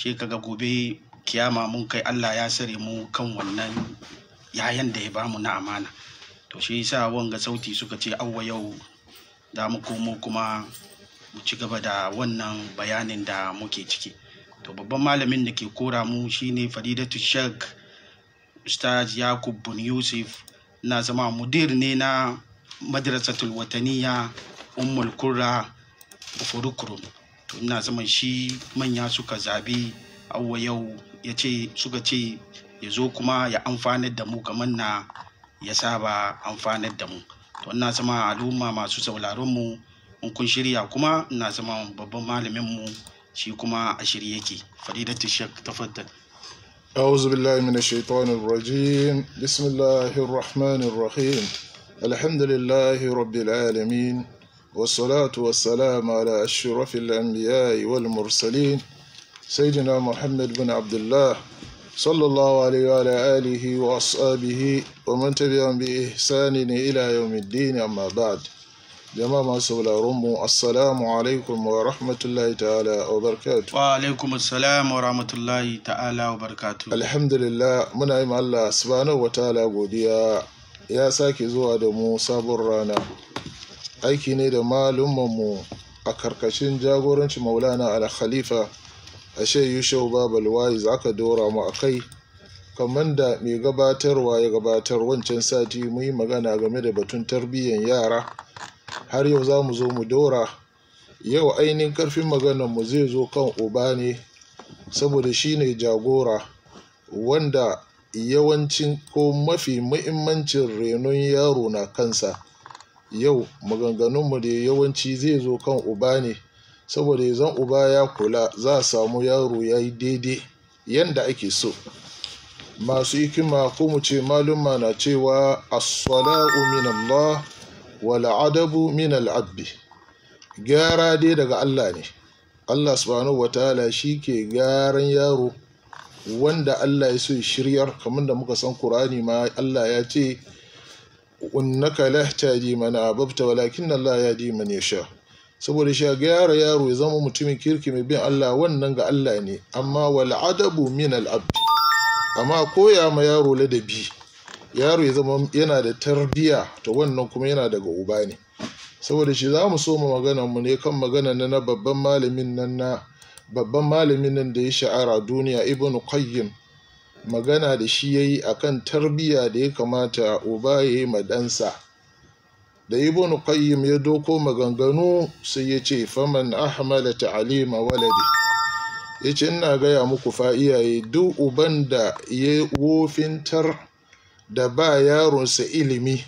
shi kaga gobe kiyama mun kai Allah ya sare mu kan wannan yayan da ya bamu na amana to shi yasa wanga sauti suka ce awwa yau da mu komo kuma mu ci gaba da wannan bayanin da muke ciki to babban malamin da ke kora mu shine faridatu shek ustaz yakub bun yusuf na zama mudir ne na madrasatul wataniya ummul Qurra to ina zaman shi manya suka zabi awwa yau ya ce suka ce ya zo kuma ya amfanar da mu kamar na ya saba amfanar da mu to ina zama al'umma masu sauraron mu in kun shirya kuma ina zama babban malamin mu shi kuma a shirye yake faridatu shek tafaddal أعوذ بالله من الشيطان الرجيم بسم الله الرحمن الرحيم الحمد لله رب العالمين والصلاة والسلام على أشرف الأنبياء والمرسلين سيدنا محمد بن عبد الله صلى الله عليه وعلى آله وأصحابه ومن تبعهم بإحسان إلى يوم الدين أما بعد jama'a masu sauraron mu assalamu alaikum wa rahmatullahi ta'ala wa barakatuh wa alaikum wa rahmatullahi ta'ala wa alhamdulillah muna yi Allah subhanahu wa ta'ala godiya ya sake zuwa da mu sabon rana aiki ne da malumanmu a karkashin jagoranci maulana al-khalifa a shehu babal za ka dora mu a kai kamar da mai gabatarwa ya gabatar wancan sati mu yi magana game da batun tarbiyyar yara har yau za mu zo mu dora yau ainihin karfin mu zai zo kan uba ne saboda shi ne jagora wanda yawancin ko mafi muhimmancin renon yaro na kansa yau maganganunmu da yawanci zai zo kan uba ne saboda zan uba ya kula za a samu yaro ya yi daidai yanda ake so masu hikima ko mu ce maluma na cewa as-sala'u min Allah wal adabu min al gyara dai daga Allah ne Allah subhanahu shi ke gyaran yaro wanda Allah ya so shiryar kamar da muka san Qur'ani ma Allah ya ce innaka la tahdi man ababta walakin Allah yahdi man yasha saboda shi ga yaro yaro ya zama mutumin kirki mai bin Allah wannan ga Allah ne amma wal adabu min al abd amma koya ma yaro ladabi yaro ya zama yana da tarbiya to wannan kuma yana daga uba ne saboda shi za mu so mu magana mu ne kan magana na babban malamin nan na babban malamin nan da ya sha'ara duniya ibn qayyim magana da shi ya yi a kan tarbiyya da ya kamata uba ya yi madansa da ibn qayyim ya doko maganganu sai ya ce faman ahmala ta'lima waladi ya ce ina gaya muku fa iyaye duk uban da ya wofintar da ba yaronsa ilimi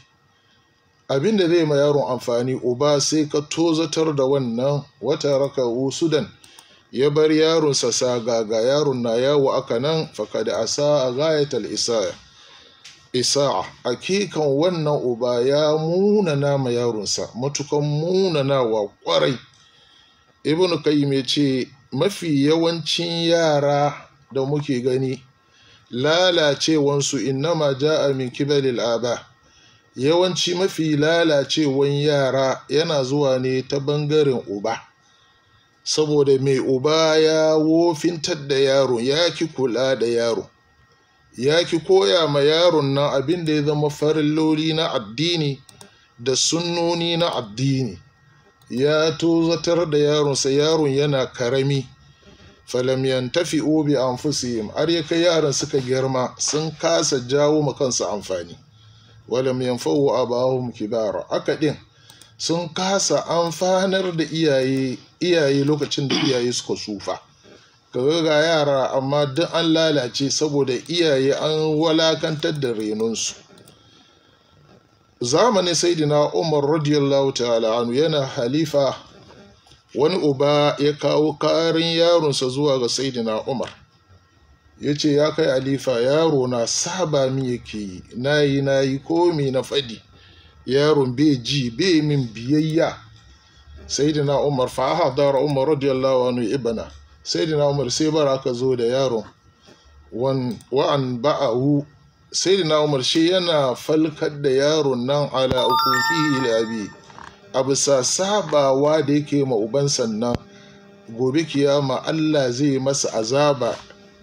abinda zai ma yaron amfani uba sai ka tozatar da wannan wata raka sudan ya bar yaronsa ga yaron na yawo aka nan da asa a gayatar isa. a hakikan wannan uba ya munana ma yaronsa matukan munanawa kwarai ibn kai ya ce mafi yawancin yara da muke gani lalacewansu innama ja'a min kibalil aba yawanci mafi lalacewan yara yana zuwa ne ta bangaren uba saboda mai uba ya wofintar da yaro ya ki kula da yaro ya ki koya ma yaron nan abin da ya zama farin lori na addini da sunnoni na addini ya tozatar da yaronsa yaron yana karami falam yantafi obi anfusihim har ya kai yaran suka girma sun kasa jawo ma kansu amfani walam yanfa'u abahum kibara aka din sun kasa amfanar da iyaye iyaye lokacin da iyaye suka tsufa kaga ga yara amma duk an lalace saboda iyaye an walakantar da renonsu zamanin saidina umar radiyallahu ta'ala anu yana halifa wani uba ya kawo karin yaronsa zuwa ga saidina umar ya ce ya kai halifa yaro na saba min yake yi na yi na yi komi na faɗi yaron bai ji bai min biyayya Saidina umar fa dara umar radiyallahu anhu ibana. Saidina umar sai baraka zo da yaro wan wa an ba'ahu umar shi yana falkar da yaron nan ala ukufihi li abi sa sabawa da yake ma uban sannan gobe kiyama Allah zai masa azaba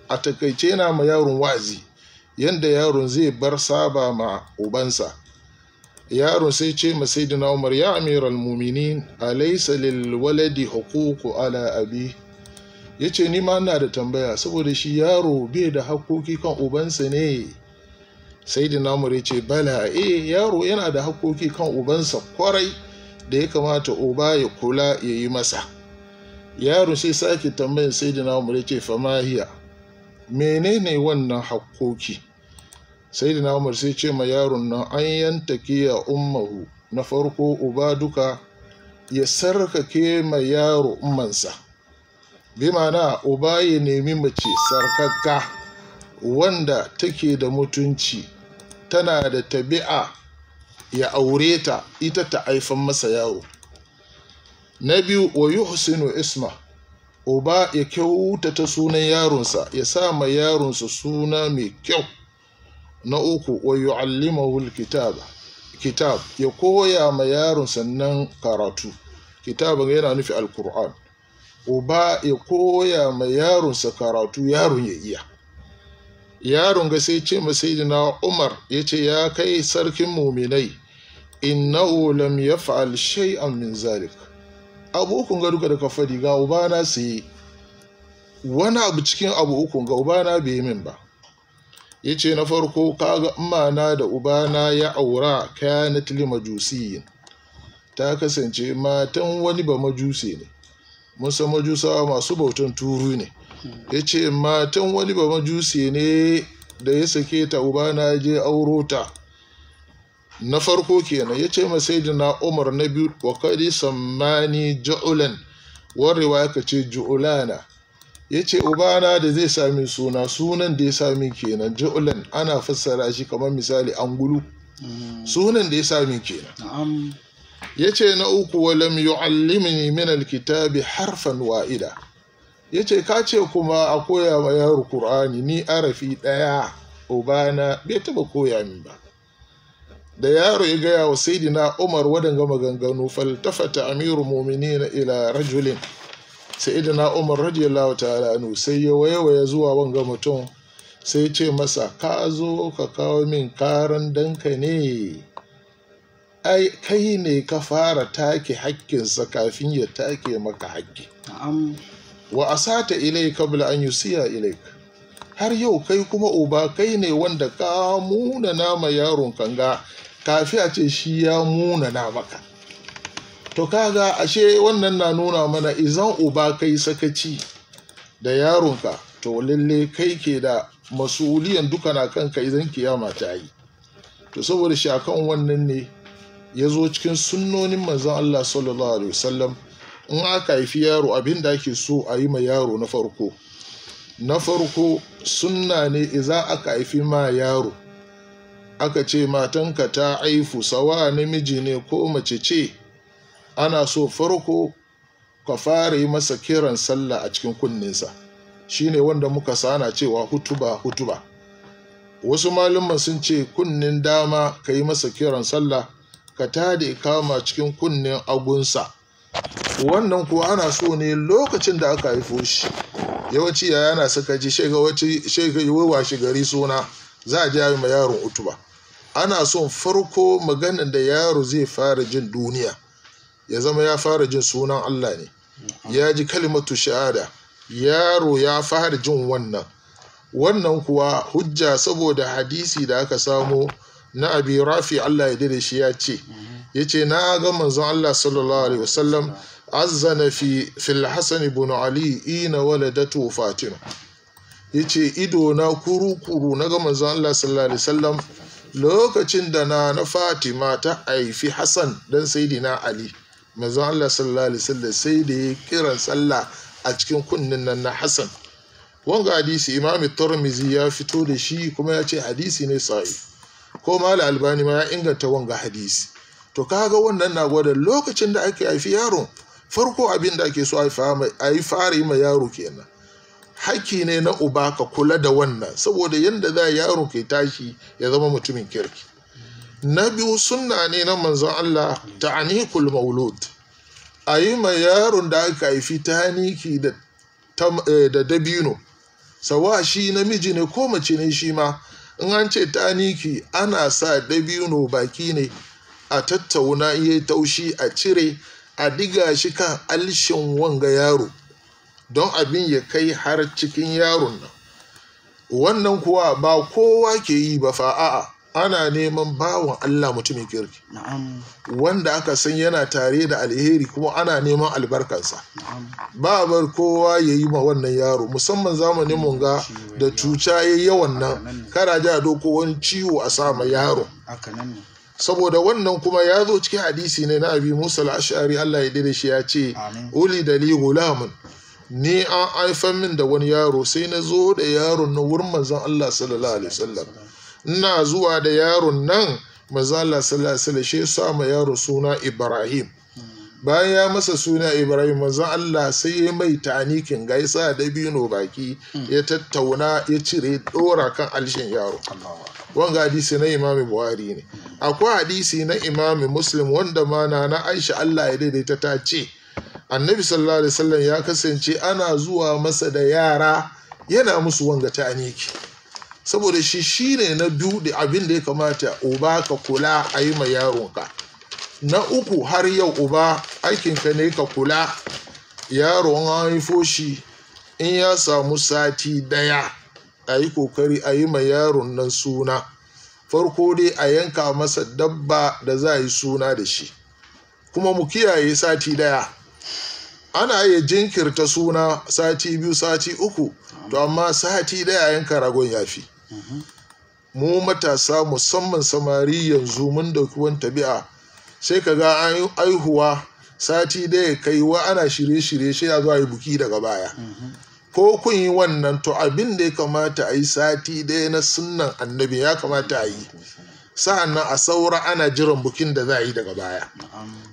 a takaice yana ma yaron wazi yanda yaron zai bar saba ma ubansa yaron sai ce ma Umar ya amiral mu'minin alaysa lil waladi hukuku ala abi ce ni ma na da tambaya saboda shi yaro bai da hakoki kan ubansa ne sayyidina Umar ce bala eh yaro yana da hakoki kan ubansa kwarai da ya kamata uba ya kula ya yi masa yaro sai sake tambayar sayyidina Umar yace famahiya menene wannan hakoki sai da umar sai ce ma yaron nan an yantake ya ummahu na farko uba duka ya sarkake ma yaro ummansa bi mana uba ya nemi mace sarkaka, wanda take da mutunci tana da tabi'a ya aure ta ita ta aifan masa yaro na biyu wa yuhsinu isma uba ya kyautata sunan yaronsa ya sa ma yaronsa suna mai kyau na uku wa yu'allimuhu kitab kitab ya koya ma yaron sannan karatu kitabin yana nufi alkur'an uba ya koya ma yaronsa karatu yaron ya iya yaron ga sai ce ma masayidina umar ya ce ya kai sarkin muminai innahu lam yaf'al shay'an min zalik uku ga duka da fadi ga ubana sai wani abu cikin abu uku ga ubana bai min ba ya ce na farko kaga imana da ubana ya aura kanat li majusiyin ta kasance matan wani ba majusi ne mun san masu bautan turu ne ya ce matan wani ba majusi ne da ya sake ta ubana je auro ta na farko kenan ya ce na umar na biyu wa kadi sammani ja'ulan warewa ka ce ju'ulana ya ce ubana da zai sami suna sunan da ya sami kenan ji'ulan ana fassara shi kamar misali angulu mm. sunan da ya sami kenan ya ce na uku walam yu'allimni min alkitabi harfan wa'ida ya ce ka ce kuma a koya ma yaro Kur'ani ni arafi ɗaya ubana bai taba koya min ba da yaro ya gaya wa saidina umar wadanga maganganu faltafata amiru muminina ila rajulin na umar radiyallahu ta'ala anhu sai ya waiwaya zuwa wanga mutum sai ce masa ka zo ka kawo min karan danka ne ai kai ne ka fara take hakkinsa kafin ya take maka hakki wa asata ilai kabla an yusiya ilaik har yau kai kuma uba kai ne wanda ka munana nama yaron kanga kafi a ce shi ya munana maka to kaga ashe wannan na nuna mana izan uba kai sakaci da yaronka to lalle kai ke da masuliyan duka na kanka idan kiyama ta yi to saboda shi akan wannan ne ya zo cikin sunnonin manzon Allah sallallahu alaihi wasallam in aka haifi yaro abin da ake so a yi ma yaro na farko na farko sunna ne iza aka haifi ma yaro aka ce matanka ta aifu sawa namiji ne ko mace ce ana so farko ka fara yi masa kiran sallah a cikin kunninsa shine wanda muka sana cewa hutuba hutuba wasu malaman sun ce kunnin dama ka yi masa kiran sallah ka tada kama cikin kunnin agunsa wannan kuwa ana so ne lokacin da aka haifo shi yawanci yaya na saka ji shi gari suna za a ji ma yaron utuba ana son farko maganin da yaro zai fara jin duniya ya zama ya fara jin sunan Allah ne ya ji kalimatu shahada yaro ya fara jin wannan wannan kuwa hujja saboda hadisi da aka samu na abi rafi Allah ya dade shi ya ce ya ce na ga manzon Allah sallallahu alaihi wasallam azzana fi fil hasan ibn ali ina waladatu fatima ya ce ido na kuru-kuru na ga manzon Allah sallallahu alaihi wasallam lokacin da na na fatima ta haifi hassan dan sayidina ali manzon Allah sallallahu alaihi sai da ya kiran sallah a cikin kunnin nan na Hassan wanga hadisi Imami Tirmidhi ya fito da shi kuma ya ce hadisi ne sahih ko Malam Albani ma ya inganta wanga hadisi to kaga wannan na gwada lokacin da ake haifi yaro farko abin da ake so a yi fara yi ma yaro kenan haki ne na uba ka kula da wannan saboda yadda za yaro ke tashi ya zama mutumin kirki na biyu suna ne na manzon Allah ta anikul maulud a yi ma yaron da aka haifi ta haniki eh, da dabino sawa shi namiji ne ko mace ne shi ma in an ce ta haniki ana sa dabino baki ne a tattauna iya taushi a cire a diga shi kan alshin wanga yaro don abin ya kai har cikin yaron nan wannan kuwa ba kowa ke yi ba fa'a'a. ana neman bawan Allah mutumin kirki wanda aka san yana tare da alheri kuma ana neman albarkansa ba bar kowa ya yi ma wannan yaro musamman zamanin mun ga da cuca ya yawan nan kara ja doko wani ciwo a sama yaro saboda wannan kuma ya zo cikin hadisi ne na abi musa al-ash'ari Allah ya dire shi ya ce uli li gulamun ni an haifan min da wani yaro sai na zo da yaron na wurin manzon Allah sallallahu alaihi wasallam ina zuwa da yaron nan mazala salasala shi sa ma yaro suna ibrahim bayan ya masa suna ibrahim manzon allah sai ya mai tanikin gaisa da bino baki hmm. ya tattauna ya cire dora kan alshin yaro wanga hadisi na imami buhari ne hmm. akwai hadisi na imami muslim wanda ma na aisha allah ya daidaita ta ce annabi sallallahu alaihi ya kasance ana zuwa masa da yara yana musu wanga ta aniki saboda shi shi ne na biyu da abin da ya kamata uba ka kula a yi ma yaronka na uku har yau uba aikinka ne ka kula yaron an haifo shi in ya samu sati daya a yi kokari a yi ma yaron nan suna farko dai a yanka masa dabba da za a yi suna da shi kuma mu kiyaye sati daya ana iya jinkirta suna sati biyu sati uku to amma sati daya yanka ragon ya fi mu matasa musamman samari yanzu mun dauki wani tabi'a sai ka ga aihuwa sati daya ya kai wa ana shirye-shirye shi ya zo yi buki daga baya ko kun yi wannan to abin da ya kamata a yi sati daya na sunnan annabi ya kamata a yi sa'annan a saura ana jiran bukin da za a yi daga baya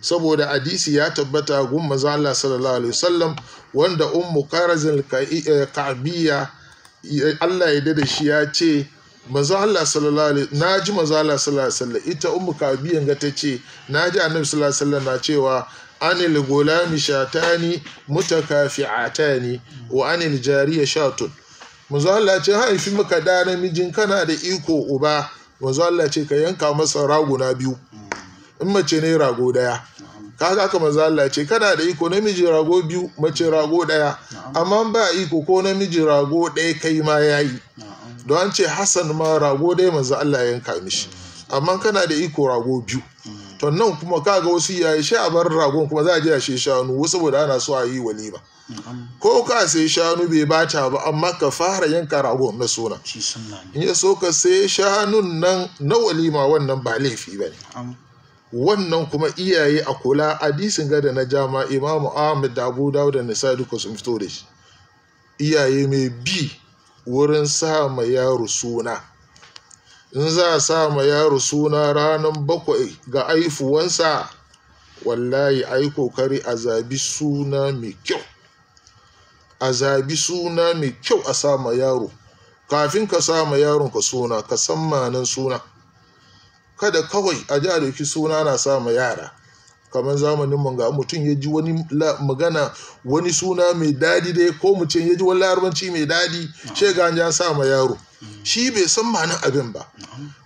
saboda hadisi ya tabbata gun maza Allah sallallahu alaihi wasallam wanda ummu karazin ka'abiyya eh, Allah ya da shi ya ce manzo sallallahu na ji mazala sallallahu ita ummu kabiyan ga ta ce na ji annabi sallallahu na cewa anil gulami shatani mutakafi'atani wa anil jariya shatun manzo Allah ce haifi maka da namijin kana da iko uba mazala ce ka yanka masa raguna biyu in mace ne rago daya kaga aka manzo Allah ce kana da iko namiji rago biyu mace rago daya amma ba iko ko namiji rago daya kai ma yayi don an ce Hassan ma rago daya manzo Allah ya yanka mishi mm. amma kana da iko rago biyu mm. to nan kuma kaga wasu yayi shi a bar ragon kuma za a je a shi shanu wasu saboda ana so a yi walima ko ka sai shanu bai bata ba amma ka fara yanka ragon na suna in ya so ka sai shanun nan na walima wannan ba laifi bane wannan kuma iyaye a kula hadisin gada na jama imamu ahmad da abu dawo da nisa duka sun fito da shi iyaye mai bi wurin sa ma yaro suna in za a sa ma yaro suna ranar bakwai ga aifuwansa wallahi a yi kokari a zabi suna mai kyau a zabi suna mai kyau a sa ma yaro kafin ka sa ma yaron ka suna ka san manan suna kada kawai a ji a doki suna na sama yara kamar zamanin mu ga mutum ya ji wani magana wani suna mai dadi dai ko mutum ya ji wani larabanci mai dadi ce ga sa yaro shi bai san nan abin ba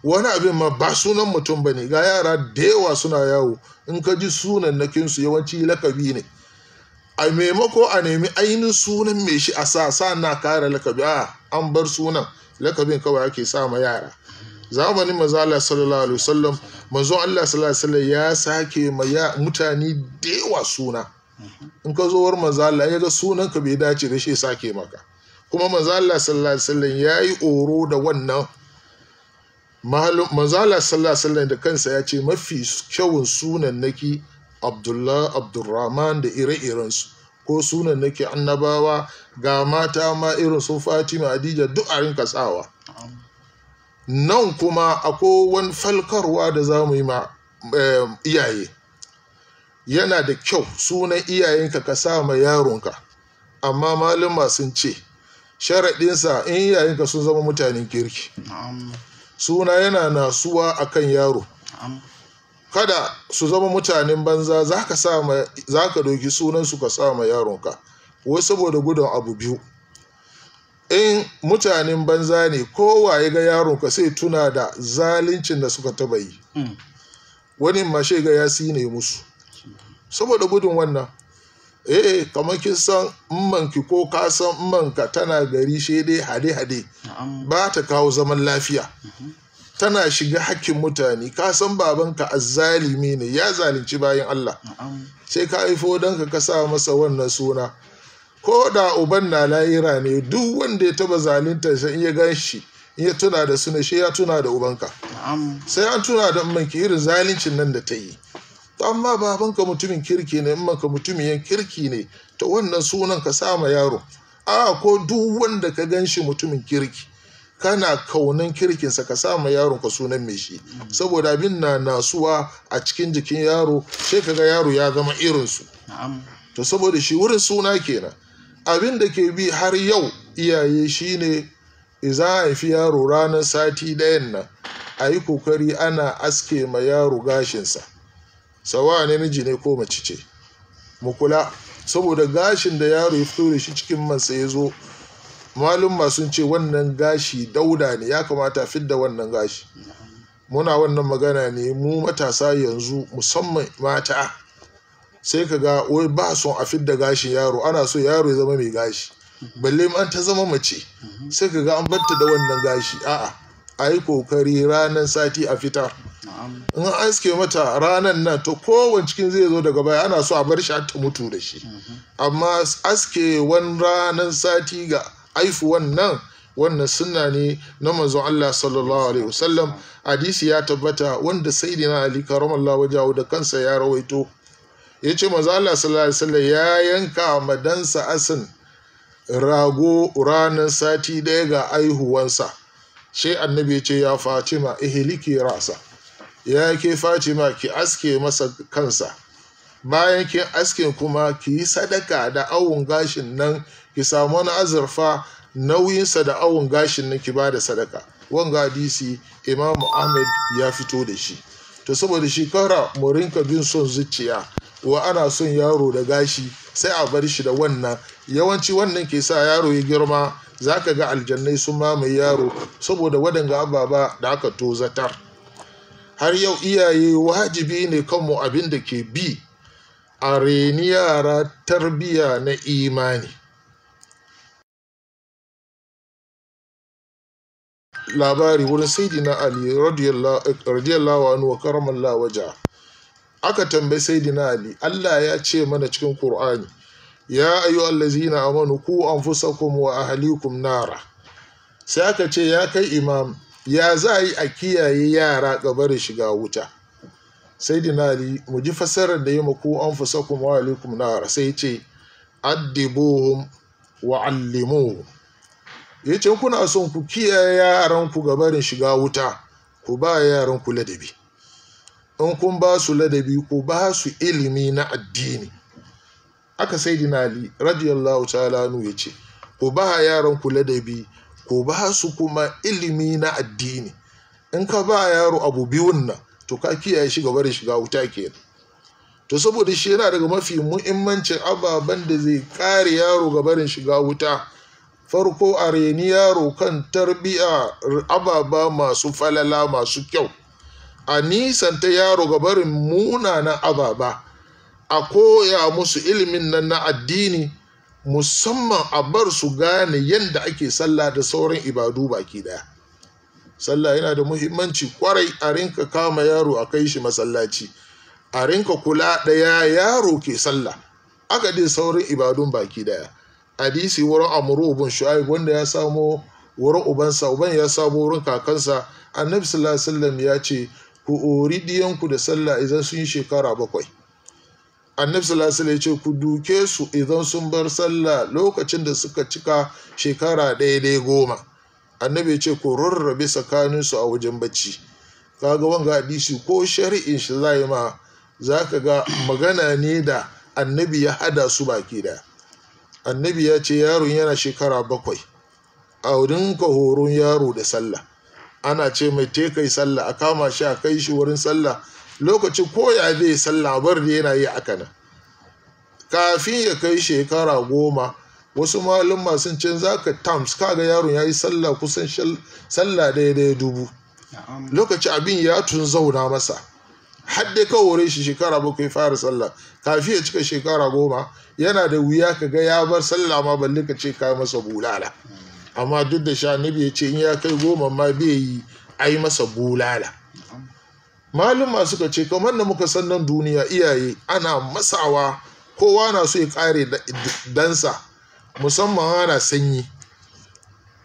wani abin ma ba sunan mutum ba ne ga yara da yawa suna yawo in ka ji sunan na kinsu yawanci lakabi ne a maimako a nemi ainihin sunan mai shi a sa sa na kara lakabi a an bar sunan lakabin kawai ake sa ma yara zamanin manzala sallallahu alaihi wasallam manzo Allah sallallahu alaihi wasallam ya sake ma mutane da yawa suna in ka zowar war manzala ya ga sunan ka bai dace da shi sake maka kuma manzala sallallahu alaihi wasallam ya yi oro da wannan mahalin sallallahu alaihi wasallam da kansa ya ce mafi kyawun sunan naki Abdullah Abdurrahman da ire-irensu ko sunan nake annabawa ga mata ma irin su Fatima Adija duk a rinka tsawa nan kuma akwai wani falkarwa da za mu yi ma eh, iyaye yana da kyau sunan iyayenka ka sa ma yaronka amma malama sun ce sharaɗinsa in iyayenka sun zama mutanen kirki suna yana nasuwa akan yaro kada su zama mutanen banza za ka doki sunansu ka sa ma yaronka wai saboda gudun abu biyu in mutanen banza ne kowa ya ga yaronka sai tuna da zalincin da suka taba yi hmm. wani mashe ga ya ne musu saboda gudun wannan eh kamar kin san manki ko ka san manka tana gari shi dai hade-hade ba ta kawo zaman lafiya mm-hmm. tana shiga hakkin mutane ka san babanka azzalimi ne ya zalunci bayan Allah sai ka haifo danka ka sa masa wannan suna ko da uban na la'ira ne duk wanda ya taba zalunta sai iya ya gan shi in tuna da suna shi ya tuna da ubanka sai an tuna da manki irin zaluncin nan da ta yi amma babanka mutumin kirki ne in manka mutumin kirki ne ta wannan sunan ka sama yaro a ko duk wanda ka gan shi mutumin kirki kana kaunan kirkinsa ka sama yaron ka sunan mai shi saboda abin na nasuwa a cikin jikin yaro sai kaga yaro ya zama irinsu to saboda shi wurin suna kenan abin da ke bi har yau iyaye shine iza haifi yaro ranar sati ɗayan nan a yi kokari ana aske ma yaro gashinsa sawa namiji ne ko mace ce mu kula saboda gashin da yaro ya fito da shi cikin mansa ya zo malum sun ce wannan gashi dauda ne ya kamata fidda wannan gashi muna wannan magana ne mu matasa yanzu musamman mata sai ka ga wai ba son a fidda gashin yaro ana so yaro ya zama mai gashi balle an ta zama mace sai ka ga an batta da wannan gashi a'a a yi kokari ranar sati a fita in an aske mata ranar nan to kowane cikin zai zo daga baya ana so a bar shi ta mutu da shi mhm. amma aske wani ranar sati ga aifuwan nan wannan sunna ne na manzo Allah sallallahu alaihi wasallam hadisi ya tabbata wanda sayyidina Ali karamallahu wajahu da kansa ya rawaito ya ce maza Allah ya yanka wa madansa asin rago ranar sati daya ga aihuwansa sai annabi ya ce ya fatima ihiliki rasa ya ke fatima ki aske masa kansa bayan kin aske kuma ki yi sadaka da awon gashin nan ki samu wani azurfa nauyinsa da awon gashin nan ki ba da sadaka wanga DC, imamu ahmed ya fito da shi to saboda shekara kara mu rinka bin son zuciya wa ana son yaro da gashi sai a bar shi da wannan yawanci wannan ke sa yaro ya girma za ka ga aljannai sun mamaye yaro saboda waɗanga ababa da aka tozatar har yau iyaye wajibi ne kanmu abin da ke bi a reni yara tarbiya na imani labari wurin saidina ali radiyallahu anhu wa karamallahu wajha aka tambayi sayyidina ali Allah ya ce mana cikin Kur'ani. ya ayyuhallazina amanu ku anfusakum wa ahlikum nara sai aka ce ya kai imam ya za a yi a kiyaye yara gabar shiga wuta sayyidina ali mu ji fasarar da yima ku anfusakum wa ahlikum nara sai ce addibuhum wa allimuhum yace kuna son ku kiyaye yaran ku gabarin shiga wuta ku ba yaran ku ladabi in kun ba su ladabi ko ba su ilimi na addini aka sai dinali radiyallahu ta'ala nu ya ce Ko ba yaron ku ladabi ko ba su kuma ilimi na addini in ka ba yaro abu biyun nan to ka kiyaye shi gaba da shiga wuta ke to saboda shi yana daga mafi muhimmancin ababen da zai kare yaro ga barin shiga wuta farko a reni yaro kan tarbiya ababa masu falala masu kyau a nisanta yaro ga barin munanan ababa a koya musu ilimin nan na addini musamman a bar su gane yadda ake sallah da sauran ibadu baki daya sallah yana da muhimmanci kwarai a rinka kama yaro a kai shi masallaci a rinka kula daya yaro ke sallah aka dai sauran ibadun baki daya hadisi wurin amuru ubun shu'aib wanda ya samo wurin ubansa uban ya samo wurin kakansa annabi sallallahu alaihi wasallam ya ce ku ori diyanku da sallah idan sun yi shekara bakwai annabi sallallahu alaihi ce ku duke su idan sun bar sallah lokacin da suka cika shekara daidai goma annabi ce ku rurrabe tsakanin su a wajen bacci kaga wanga hadisi ko shari'in shi yi ma zaka ga magana ne da annabi ya hada su baki da annabi ya ce yaron yana shekara bakwai a wurin ka horon yaro da sallah ana ce mai te kai sallah a kama shi a kai shi wurin sallah lokaci ko ya zai sallah bar da yana yi aka nan kafin ya kai shekara goma wasu malum masu can za ka tams ga yaron ya yi sallah kusan sallah daidai dubu lokaci abin ya tun zauna masa har dai wuri shi shekara bakwai fara sallah kafin ya cika shekara goma yana da wuya ka ga ya bar sallah ma balle ka ce ka masa bulala amma duk da sha nabi ya ce in ya kai goma ma bai yi ai masa bulala maluma suka ce kamar da muka san nan duniya iyaye ana masawa kowa na so ya kare dansa musamman ana sanyi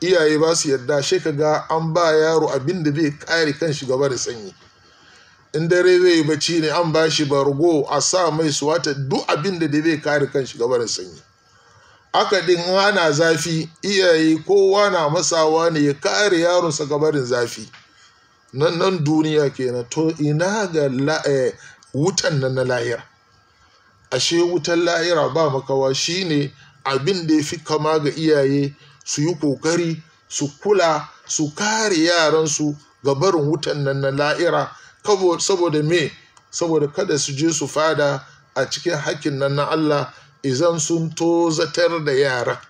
iyaye ba su yarda shi ga an ba yaro abin da bai kare kan shi gaba da sanyi in dare zai bacci ne an ba shi bargo a sa mai suwata duk abin da bai kare kan shi gaba da sanyi akadin ana zafi iyaye kowa na masawa ne ya kare yaronsa gabarin zafi nan nan duniya kenan to ina ga eh, wutan nan na lahira ashe wutan lahira ba makawa shine abin da ya fi kama ga iyaye su yi kokari su kula su kare yaransu gabarin wutan nan na la'ira saboda me saboda kada su je su fada a cikin hakkin nan na Allah izan sun tozatar da yara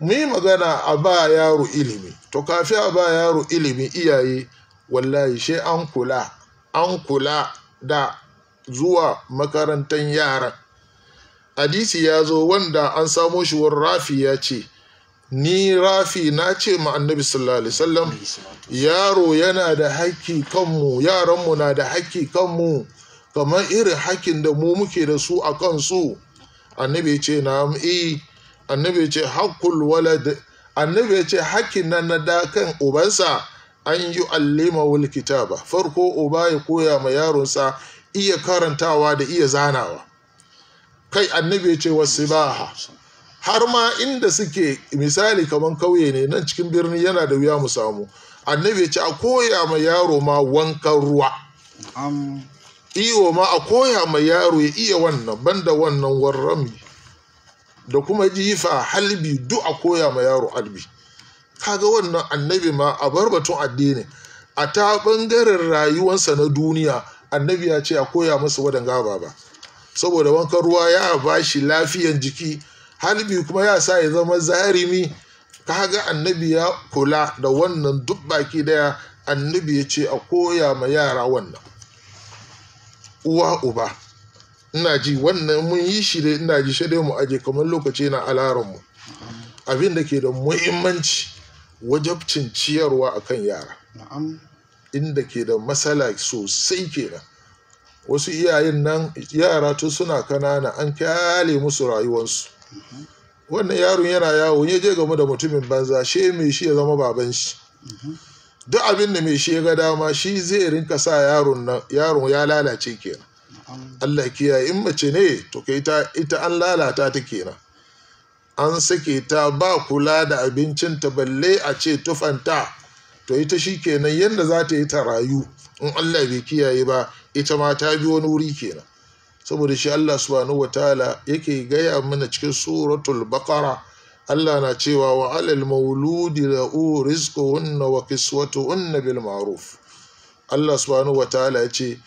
mu yi magana a ba yaro ilimi to kafi a ba yaro ilimi iyaye wallahi she an kula an kula da zuwa makarantar yara hadisi ya zo wanda an samo shi wani rafi ya ce ni rafi na ce ma annabi sallallahu alaihi yaro yana da haƙƙi kanmu yaranmu na da haƙƙi kanmu kamar irin haƙƙin da mu muke da su a kansu annabi ya ce na eh annabi ya ce hakul walad annabi ce hakkin na da kan ubansa an yi allima wal kitaba farko uba ya koya ma yaronsa iya karantawa da iya zanawa kai annabi ya ce wasibaha har ma inda suke misali kamar kauye ne nan cikin birni yana da wuya mu samu annabi ya ce a koya ma yaro ma wankan ruwa iyo ma a koya ma yaro ya iya wannan banda wannan warrami da kuma jifa halbi duk a koya ma yaro halbi kaga wannan annabi ma a barbatun addini a ta bangaren rayuwansa na duniya annabi ya ce a koya masa wadan gaba ba saboda wankan ruwa ya ba shi lafiyan jiki halbi kuma ya sa ya zama zarimi kaga annabi ya kula da wannan duk baki daya annabi ya ce a koya ma yara wannan uwa uba ina ji wannan mun yi shi dai ina ji shi mu aje kamar lokaci na mu abin da ke da muhimmanci wajabcin ciyarwa a kan yara inda ke da matsala sosai kenan wasu iyayen nan yara tun suna kanana an kyale musu rayuwansu mhm. wannan yaron yana yawo ya je game da mutumin banza she mai shi ya zama baban shi mhm. duk abin da mai shi dama shi zai rinka sa yaron ya lalace kenan Allah kiyaye in mace ne to kai ita an lalata ta kenan an sake ta ba kula da abincin ta balle a ce tufanta to ita shi kenan yadda za ta yi ta rayu in Allah bai kiyaye ba ita ma ta bi wani wuri kenan saboda shi Allah subhanahu wataala yake gaya mana cikin suratul baqara Allah na cewa wa alal mauludi da lahu unna wa kiswatuhunna bil ma'ruf Allah subhanahu wataala ya ce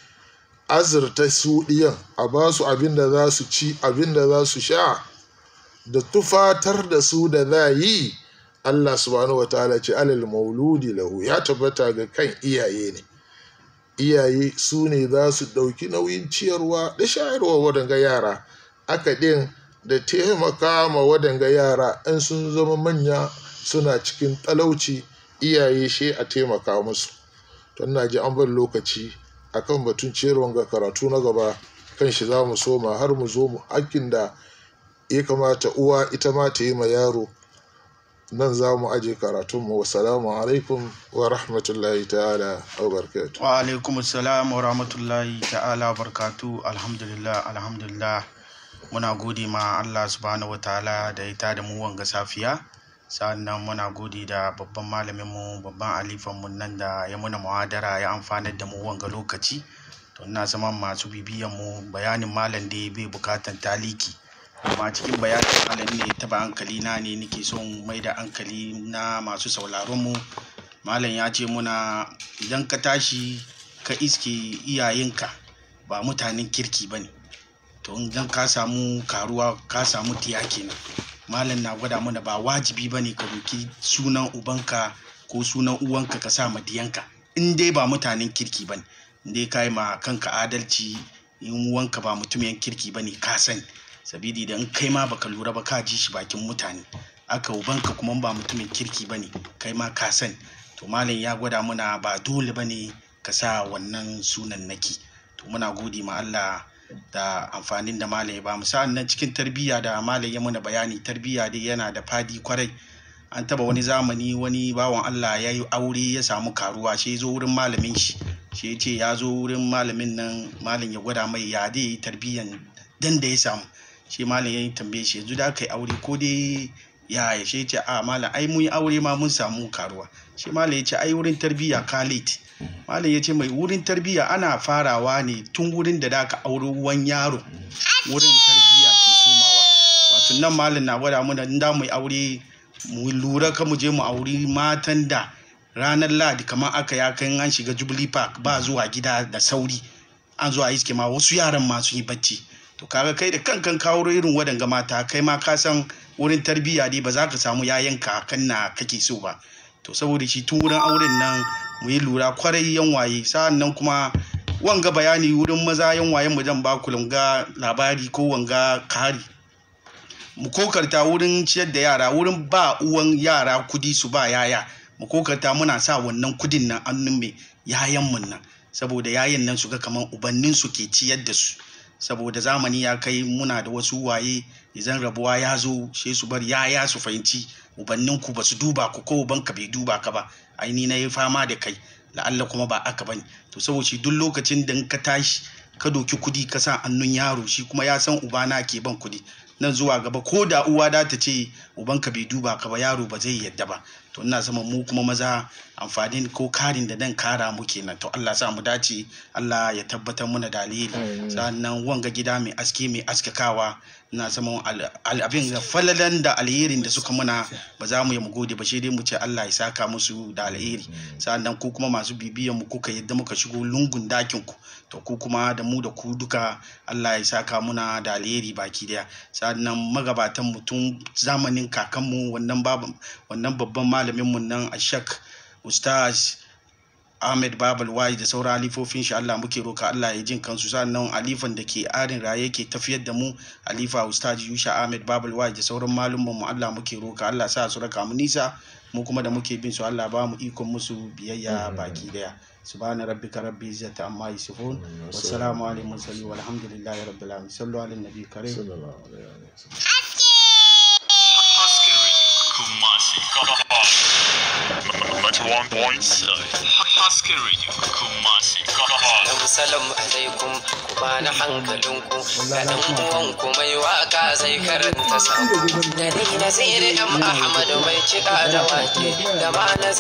azurta su ɗiyan a ba su abin da za su ci abin da za su sha da tufatar da su da za yi Allah subhanahu wa ta'ala ce alal mauludi lahu ya tabbata ga kan iyaye ne iyaye su ne za su ɗauki nauyin ciyarwa da shayarwa waɗanga yara aka ɗin da taimaka ma waɗanga yara in sun zama manya suna cikin talauci iyaye shi a taimaka musu to ina ji an bar lokaci akan batun ciyarwan ga karatu na gaba kan shi za mu soma har mu zo mu akin da ya kamata uwa ita ma ta yi ma yaro nan za mu aje karatunmu wasalamu alaikum wa rahmatullahi ta'ala wa barakatu wa alaikum assalam wa rahmatullahi ta'ala wa barakatu alhamdulillah alhamdulillah muna gode ma Allah subhanahu ta'ala da ita da mu wanga safiya sannan muna gode da babban malaminmu babban alifanmu nan da ya muna muhadara ya amfanar da mu wanga lokaci to ina zama masu bibiyan mu bayanin malam da bai bukatan taliki amma cikin bayanin malam ne taba hankali na ne nake son mai da hankali na masu sauraron mu malam ya ce muna idan ka tashi ka iske iyayenka ba mutanen kirki bane to in zan ka samu karuwa ka samu tiya kenan malam na gwada mana ba wajibi ba ne ka roki sunan ubanka ko sunan uwanka ka sa madiyanka in dai ba mutanen kirki ba ne in dai ka yi ma kanka adalci in uwanka ba mutumin kirki ba ne ka sani sabidi da in kai ma baka lura ba ka ji shi bakin mutane aka ubanka kuma ba mutumin kirki ba ne kai ma ka sani to malam ya gwada mana ba dole ba ne ka sa wannan sunan naki to muna gode ma Allah da amfanin da malam ya bamu sa'an nan cikin tarbiyya da malam ya muna bayani tarbiyya dai yana da fadi kwarai an taba wani zamani wani bawan Allah ya yi aure ya samu karuwa shi zo wurin malamin shi shi ya ce ya zo wurin malamin nan malam ya gwada mai ya dai yi tarbiyyan dan da ya samu shi malam ya yi tambaye shi yanzu da aka yi aure ko dai ya ya shi ya ce a malam ai mun yi aure ma mun samu karuwa shi malam ya ce ai wurin tarbiyya ka late malam ya ce mai wurin tarbiyya ana farawa ne tun wurin da daka auri uwan yaro wurin tarbiyya ke somawa wato nan malam na gwada muna da da mu aure mu lura ka mu je mu auri matan da ranar ladi kamar aka ya kai an shiga jubilee park ba zuwa gida da sauri an zuwa iske ma wasu yaran masu yi bacci to kaga kai da kankan kawo irin waɗanga mata kai ma ka san wurin tarbiyya ne ba za ka samu yayan kakan na kake so ba to saboda shi tun wurin auren nan mu yi lura kwarai yan waye sa'an nan kuma wanga bayani wurin maza yan waye mu zan ba ku ga labari ko wanga kari mu kokarta wurin ciyar da yara wurin ba uwan yara kudi su ba yaya mu kokarta muna sa wannan kudin nan annun mai yayan mun nan saboda yayan nan su ga kamar ubannin su ke ciyar da su saboda zamani ya kai muna da wasu waye idan rabuwa ya zo she su bar yaya su fahimci ubannin ku ba su duba ku ko ubanka bai duba ka ba Aini na yi fama da kai la'alla kuma ba aka bane to saboda shi duk lokacin da ka tashi ka doki kudi ka sa annun yaro shi kuma ya san ubana ke ban kudi nan zuwa gaba ko da uwa da ta ce ubanka bai duba ka ba yaro ba zai yadda ba to ina sama mu kuma maza amfanin ko karin da dan kara mu kenan to Allah sa mu dace Allah ya tabbatar muna alheri. sannan wanga gida mai aske mai askakawa ina zama abin falalan da alherin da suka muna ba za mu yi mu gode ba sai dai mu ce Allah ya saka musu da alheri sannan ku kuma masu bibiyan mu kuka yadda muka shigo lungun dakin ku to ku kuma da mu da ku duka Allah ya saka muna da alheri baki daya sannan magabatan mutum zamanin kakanmu wannan wannan babban malamin mu nan ashak ustaz Ahmed Babal Wai da sauran alifofin shi Allah muke roka Allah ya jin kansu sannan alifan da ke arin raye ke tafiyar da mu alifa ustaz Yusha Ahmed Babal Wai da sauran malumman mu Allah muke roka Allah sa su raka mu nisa mu kuma da muke bin su Allah ba mu ikon musu biyayya mm. baki daya subhana rabbika rabbi izzati amma yasifun mm, wa salamu alal mursalin walhamdulillahi rabbil alamin sallu ala nabi karim sallallahu alaihi wasallam Kumasi, Kumasi, Kumasi, salam alaikum ku bani hankalinku ga dan ku mai waka zai karanta sako da ni nasiru m ahmadu mai cika da wake da ma